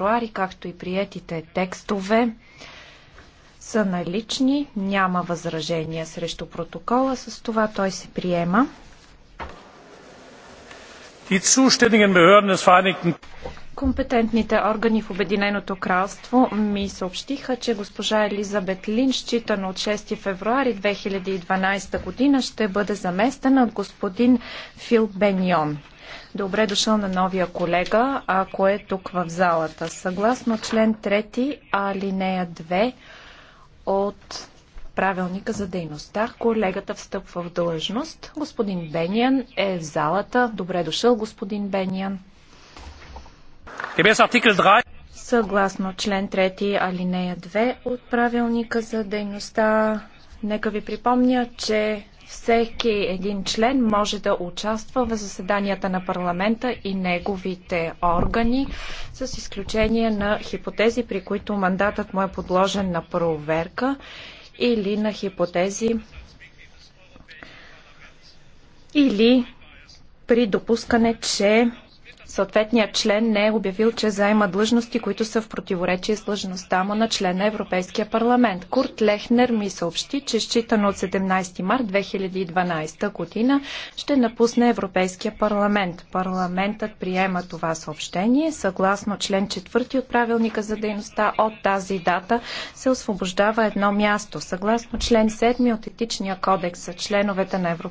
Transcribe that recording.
февруари, както и приетите текстове са налични. Няма възражения срещу протокола. С това той се приема. Компетентните органи в Обединеното кралство ми съобщиха, че госпожа Елизабет Лин, считано от 6 февруари 2012 година, ще бъде заместена от господин Фил Беньон. Добре дошъл на новия колега, ако е тук в залата. Съгласно член 3, алинея 2 от правилника за дейността, колегата встъпва в длъжност. Господин Бениан е в залата. Добре дошъл, господин Бениан. Съгласно член 3, алинея 2 от правилника за дейността, нека ви припомня, че всеки един член може да участва в заседанията на парламента и неговите органи, с изключение на хипотези, при които мандатът му е подложен на проверка или на хипотези или при допускане, че съответният член не е обявил, че заема длъжности, които са в противоречие с длъжността му на член на Европейския парламент. Курт Лехнер ми съобщи, че считано от 17 март 2012 година ще напусне Европейския парламент. Парламентът приема това съобщение. Съгласно член 4 от правилника за дейността от тази дата се освобождава едно място. Съгласно член 7 от етичния кодекс, членовете на Европейския